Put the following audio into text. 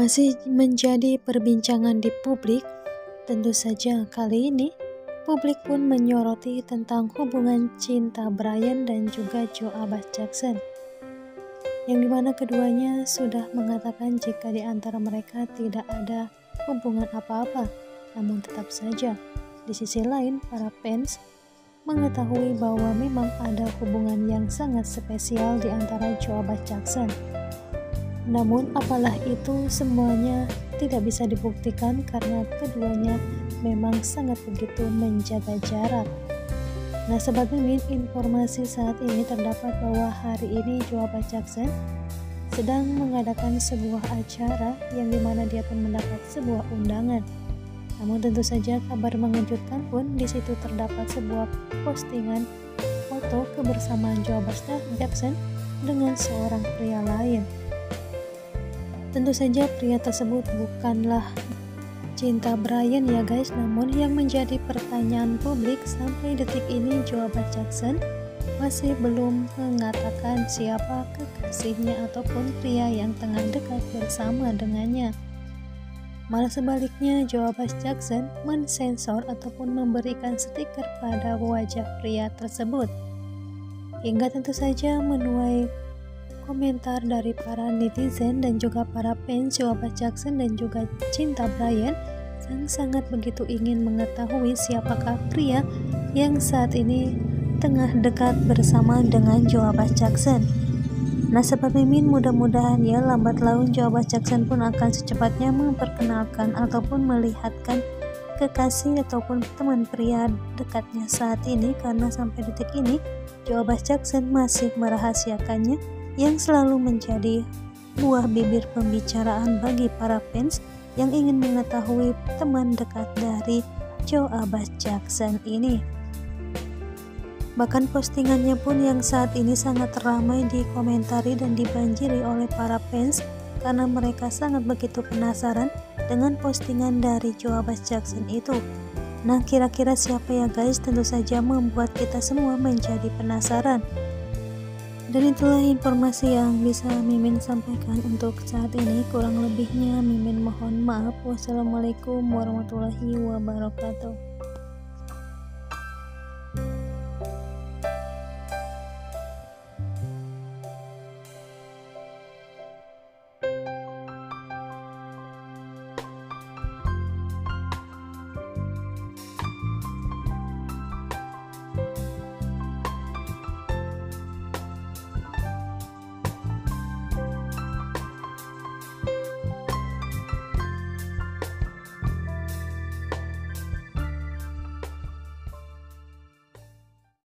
masih menjadi perbincangan di publik. Tentu saja kali ini publik pun menyoroti tentang hubungan cinta Brian dan juga Joe Abbas Jackson. Yang dimana keduanya sudah mengatakan jika di antara mereka tidak ada hubungan apa-apa, namun tetap saja di sisi lain para fans mengetahui bahwa memang ada hubungan yang sangat spesial di antara Joe Abbas Jackson namun apalah itu semuanya tidak bisa dibuktikan karena keduanya memang sangat begitu menjaga jarak. Nah, sebagai min informasi saat ini terdapat bahwa hari ini Joa Jackson sedang mengadakan sebuah acara yang dimana dia pun mendapat sebuah undangan. Namun tentu saja kabar mengejutkan pun di situ terdapat sebuah postingan foto kebersamaan Joa Jackson dengan seorang pria lain. Tentu saja pria tersebut bukanlah cinta Brian ya guys, namun yang menjadi pertanyaan publik sampai detik ini jawaban Jackson masih belum mengatakan siapa kekasihnya ataupun pria yang tengah dekat bersama dengannya. Malah sebaliknya, jawaban Jackson mensensor ataupun memberikan stiker pada wajah pria tersebut. Hingga tentu saja menuai komentar dari para netizen dan juga para fans Joaba Jackson dan juga Cinta Brian yang sangat begitu ingin mengetahui siapakah pria yang saat ini tengah dekat bersama dengan Joaba Jackson. Nah, sebab Mimin mudah-mudahan ya lambat laun Joaba Jackson pun akan secepatnya memperkenalkan ataupun melihatkan kekasih ataupun teman pria dekatnya saat ini karena sampai detik ini Joaba Jackson masih merahasiakannya yang selalu menjadi buah bibir pembicaraan bagi para fans yang ingin mengetahui teman dekat dari Joe Abbas Jackson ini. Bahkan postingannya pun yang saat ini sangat ramai dikomentari dan dibanjiri oleh para fans karena mereka sangat begitu penasaran dengan postingan dari Joe Abbas Jackson itu. Nah, kira-kira siapa ya guys? Tentu saja membuat kita semua menjadi penasaran. Dan itulah informasi yang bisa Mimin sampaikan untuk saat ini. Kurang lebihnya Mimin mohon maaf. Wassalamualaikum warahmatullahi wabarakatuh.